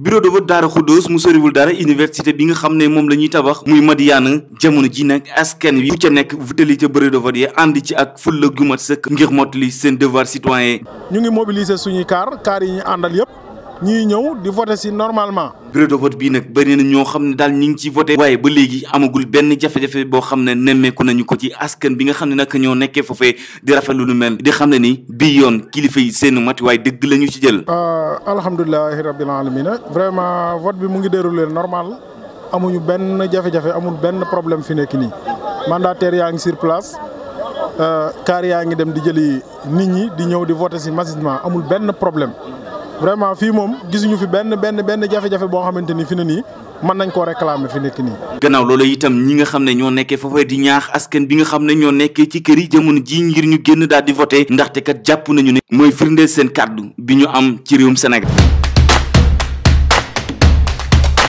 bureau de vote daara xuddoos mu soriwul dara université bi nga xam ne moom la ñuy tabax muy Madiyana jamono ji nag askan wi ku ca nekk votali ca bureau de vote yi ànd ci ak fulla gu mat sëkk ngir mottali seen devoir citoyen ñu ngi mobiliser suñuy kaar kaar yi ñu àndal yëpp ñuy ñëw di voté si normalement. bureau vote bii nag bëri na ñoo xam ne daal ñu ngi ciy voté. waaye ba léegi amagul benn jafe-jafe boo xam ne nemmeeku nañu ko ci askan bi nga xam ne nag ñoo nekkee foofee di rafetlu lu mel di xam ne nii bii yoon kilifa yi seen matuwaay dëgg la ñu ci jël. Euh, alhamdulilahi rabbil alamin vraiment vote bi mu ngi déroulé normal amuñu benn jafe-jafe amul benn problème fi nekk nii mandataire yaa ngi sur place. kaar euh, yaa ngi dem di jëli nit ñi di ñëw di voté si massivement amul benn problème. vraiment fii moom gisuñu fi benn benn benn jafe-jafe boo xamante ni fi na nii mën nañ ko koo réclamer fi nekk nii. gannaaw loolu itam ñi nga xam ne ñoo nekkee foofee di ñaax askan bi nga xam ne ñoo nekkee ci kër yi jamono jii ngir ñu génn daal di voté ndaxte kat jàpp nañu ne mooy firndeel seen kàddu bi ñu am ci réewum Sénégal.